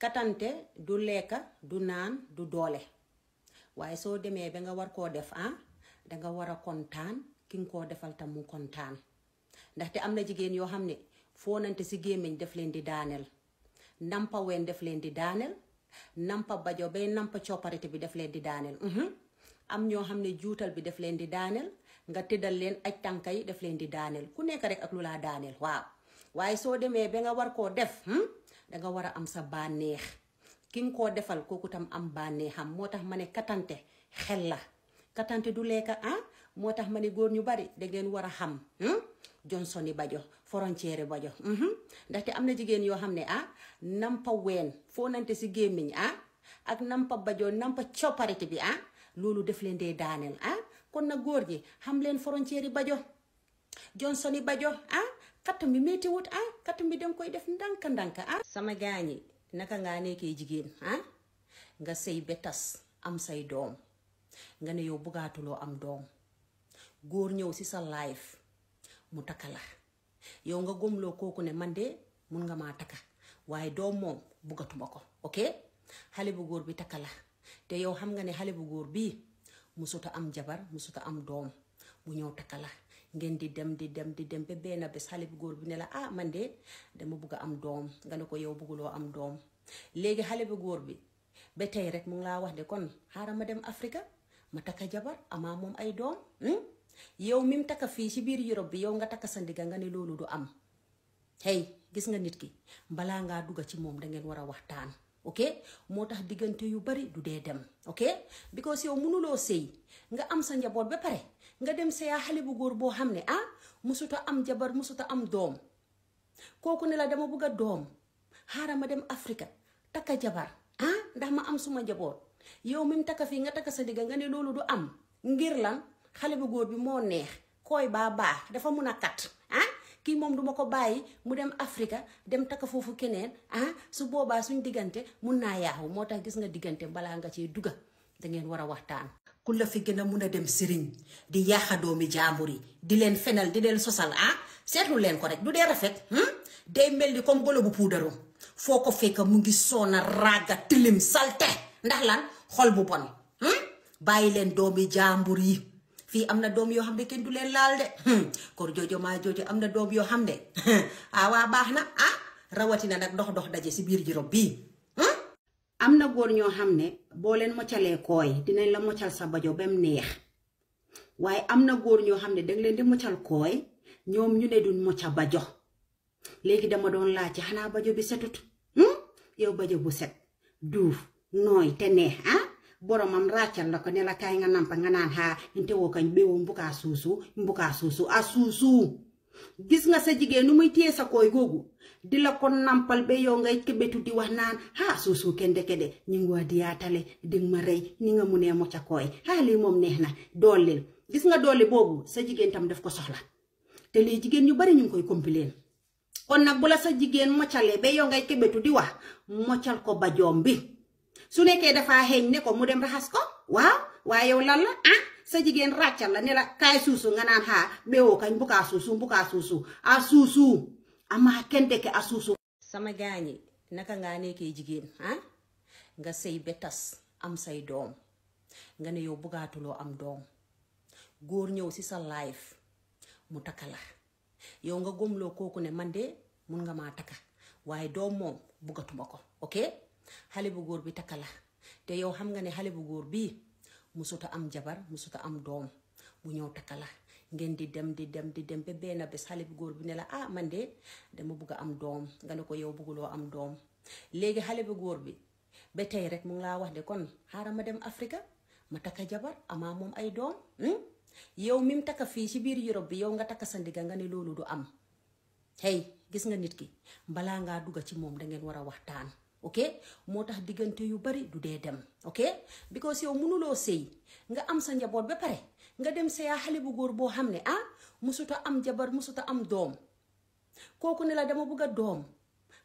katante du lekka du naan du doole waaye soo demee ba nga war koo def ah danga war a kontaan ki nga koo defal tam mu kontaan ndaxte am na jigéen yoo xam ne foonante si gémmiñ def leen di daaneel nampa ween def leen di daaneel nampa bajo bay nampa copparite bi def leen di daaneel mhm. am ñoo xam ne juutal bi def leen di daaneel nga tëddal leen aj tànka yi def leen di daaneel ku nekk rek ak lu laa daaneel waaw waaye soo demee ba nga war koo def hmm, danga war a am sa bànneex ki koo defal kooku tam am bànneexam moo tax ma ne katante xel la katante du lekka ah moo tax ma ne góor ñu bari da ngeen war a xam hmm? Johnson yi bajo frontière bajo hmm? ndaxte am na jigéen yoo xam ne ah nampa ween foo nante si gémmiñ ah ak nampa bajo nampa copparite bi ah loolu def leen dee daaneel ah kon na góor gi xam leen frontière bajo Johnson bajo ah xattu mi métti wut ah xattu mi danga koy def ndànk-ndànk ah. sama gaañi naka ngaa nekkee jigéen ah nga sëy ba tas am say doom nga ne yow bëggaatuloo am doom góor ñëw si sa life mu takka la yow nga gomloo kooku ne man de mun nga maa takka waaye doom moom bëggatuma ko ok xale bu góor bi takka la te yow xam nga ne xale bu góor bii musuta am jabar musuta am doom mu ñëw takka la ngeen di dem di dem di dem ba benn bés xale bu góor bi ne la ah man de dama bugg a am doom nga ne ko yow bugguloo am doom léegi xale bu góor bi ba tey rek mu ngi laa wax de kon xaaral ma dem Afrika ma takk jabar amaa moom ay doom hmm? yow mi mu takka fii ci biir Europe bi yow nga takka sa ndigga nga ne loolu du am hey gis nga nit ki balaa ngaa dugg ci moom da ngeen war a waxtaan. ok moo tax diggante yu bari du dee dem ok because yow mënuloo sëy nga am sa njaboot ba pare. nga dem seeyaa xale bu góor boo xam ne ah musuta am jabar musuta am doom kooku ne la dama bëgg a doom xaaral ma dem Afrique takk jabar ah, ndax ma am suma njaboot yow mi mu takka fii nga takk sa digga nga ne loolu du am ngir lan xale bu góor bi moo neex koy baa baax dafa mun a kat ah. kii moom duma ko bàyyi mu dem afrika dem takk foofu keneen ah. su boobaa suñ diggante mun naa yaaxu moo tax gis nga diggante balaa nga cee dugga da ngeen war a waxtaan. ku la fi gën a mun a dem sëriñ di yaaxadoomi jaambur yi di leen fenal di leen sosal ah seetlu leen ko rek du dee rafet hmm? day mel ni comme golo bu puudaru foo ko fekk mu ngi soona raaga tilim salte ndax lan xol bu bon hmm? bàyyi leen doomi jaambur yi fii am na doom yoo xam ne kenn du leen laal de hmm? kor joojo maa am na doom yoo xam ne waa baax na ah rawatina nag ndox ndox daje si biir juróom bii am na góor ñoo xam ne boo leen moccalee kooy dinañ la moccal sa bajo ba neex waaye am na góor ñoo xam ne danga leen di moccal kooy ñoom ñu ne duñ mocca bajo léegi dama doon laaj xanaa bajo bi setut hmm? yow bajo bu set duuf nooy te neex ah boromam ràccal la ko ne la kaay nga nampa nga naan xaa nte woo kañ béewoo mbukaa suusu mbukaa suusu a gis nga sa jigéen nu muy téye sa koy googu di la ko nampal ba yow ngay këbëtu di wax naan ah suusuu kenn deke de ñu ngi waa diyaatale di ma rey ni nga mu nee mocca koy ah lii moom neex na dooleel gis nga doole boobu sa jigéen tam daf ko soxla te lii jigéen ñu bari ñu koy compileen kon nag bu la sa jigéen moccalee ba yow ngay këbëtu di wax moccal ko ba joom bi su nekkee dafaa xeeñ ne ko mu dem raxas ko waaw waaye yow lan la ah sa jigéen ràccal la ne la kaay suusu nga naan xaa beewoo kañ bu suusu bu suusu a suusu amaa kente ke a suusu sama gaañi naka ngaa nekkee jigéen nga sëy ba tas am say doom nga ne yow bëggaatuloo am doom góor ñëw si sa life mu takka la yow nga gomloo kooku ne man de mun nga maa takka waaye doom moom bëggatuma ko ok xale bu góor bi takk la te yow xam nga ni xale bu góor bii musuta am jabar musuta am doom bu ñëw takk la ngeen di dem di dem di dem ba benn bés xale bu góor bi ne la ah man de dama bugg am doom nga ko yow bugguloo am doom léegi xale bu góor bi ba tey rek mu ngi laa wax de kon xaaral ma dem Afrika ma takka jabar amaa moom ay doom hmm? yow mi mu takka fii ci biir Europe bi yow nga takka sa ndigga nga ni loolu du am hey gis nga nit ki balaa ngaa dugg ci moom dangeen war a waxtaan. ok moo tax diggante yu bari du dee dem ok because yow mënuloo sëy nga am sa njaboot ba pare nga dem sëyaa xale bu góor boo xam ne ah musuta am jabar musuta am doom kooku ne la dama bëgg a doom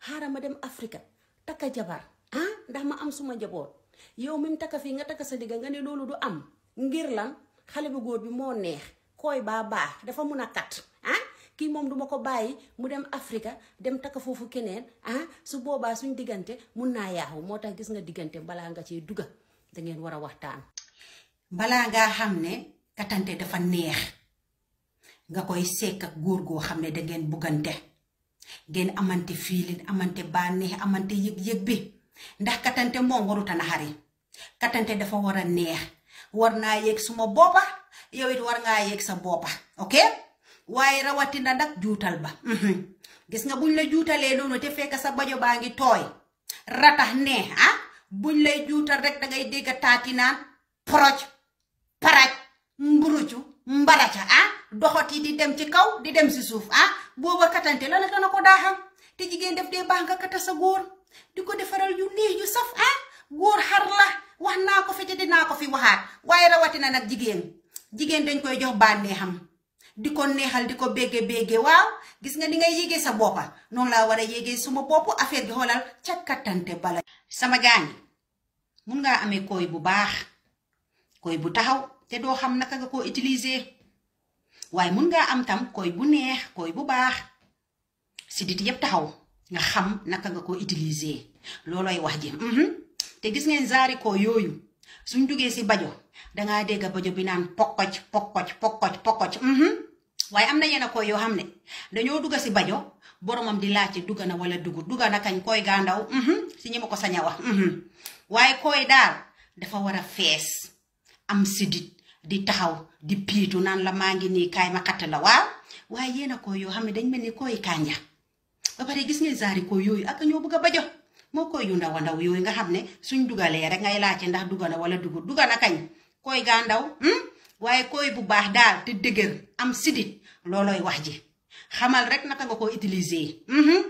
xaaral ma dem Afrika takka jabar ah, ndax ma am suma njaboot yow mi mu takka fii nga takka sa digga nga ne loolu du am ngir lan xale bu góor bi moo neex koy baa baax dafa mun a kat kii moom duma ko bàyyi mu dem Afrika dem takka foofu keneen ah su boobaa suñ diggante mun naa yaaxu moo tax gis nga diggante balaa nga cee dugga da ngeen war a waxtaan. balaa ngaa xam ne katante dafa neex nga koy sekk ak góor goo xam ne da ngeen buggante ngeen amante fiilin amante bànneex amante yëg-yëg bi ndax katante moom warut a naxari katante dafa war a neex war naa yëg suma boppa yow it war ngaa yëg sa boppa ok. waaye rawatina nag juutal ba mhm. gis nga buñ la juutalee noonu te fekk sa bajo baa ngi tooy ratax neex ah, buñ lay juutal rek dangay dégg taati naan poroj paraj mburucu mbaraca ah doxoti di dem ci kaw di dem si suuf ah booba katante la la dana ko daaxam te jigéen def dee baax nga kata sa góor di ko defaral yu neex yu saf ah góor xar la wax naa ko fi te dinaa ko fi waxaat waaye rawatina nag jigéen jigéen dañ koy jox bànneexam di ko neexal di ko béggee béggee waaw gis nga ni ngay yéegee sa boppa noonu laa war a yéegee suma boppu affaire gi xoolal ca kattante bala sama gaañi mun ngaa amee koy bu baax koy bu taxaw te doo xam naka nga koo utiliser waaye mun ngaa am tam koy bu neex koy bu baax sidit yëpp taxaw nga xam naka nga ko utiliser loolooy wax ji mhm. te gis ngeen zaari ko yooyu suñ duggee si bajo dangaa dégg bajo bi naan pokkoc pokkoc pokkoc pokkoc mhm. waaye am na yenn koy yoo xam ne dañoo dugg si bajo boromam di laajte dugg na wala dugg dugg na kañ kooy gaandaw mhm, si ko sañ a wax mhm. waaye koy daal dafa war a fees am sidit di taxaw di piitu naan la maa ngi nii kaay ma xatt la waaw waaye yenn yoo xam ne dañ mel ni koy kànja ba pare gis ngeen yooyu ñoo bëgg a bajo moo koy yu ndaw ndaw yooyu nga xam ne suñ dugalee rek ngay ndax dugg na wala dugg dugg na kañ koy gaandaw. Mhm. waaye kooy bu baax daal te dëgër am sidit loolooy wax ji xamal rek nata nga ko utiliser. Mhm.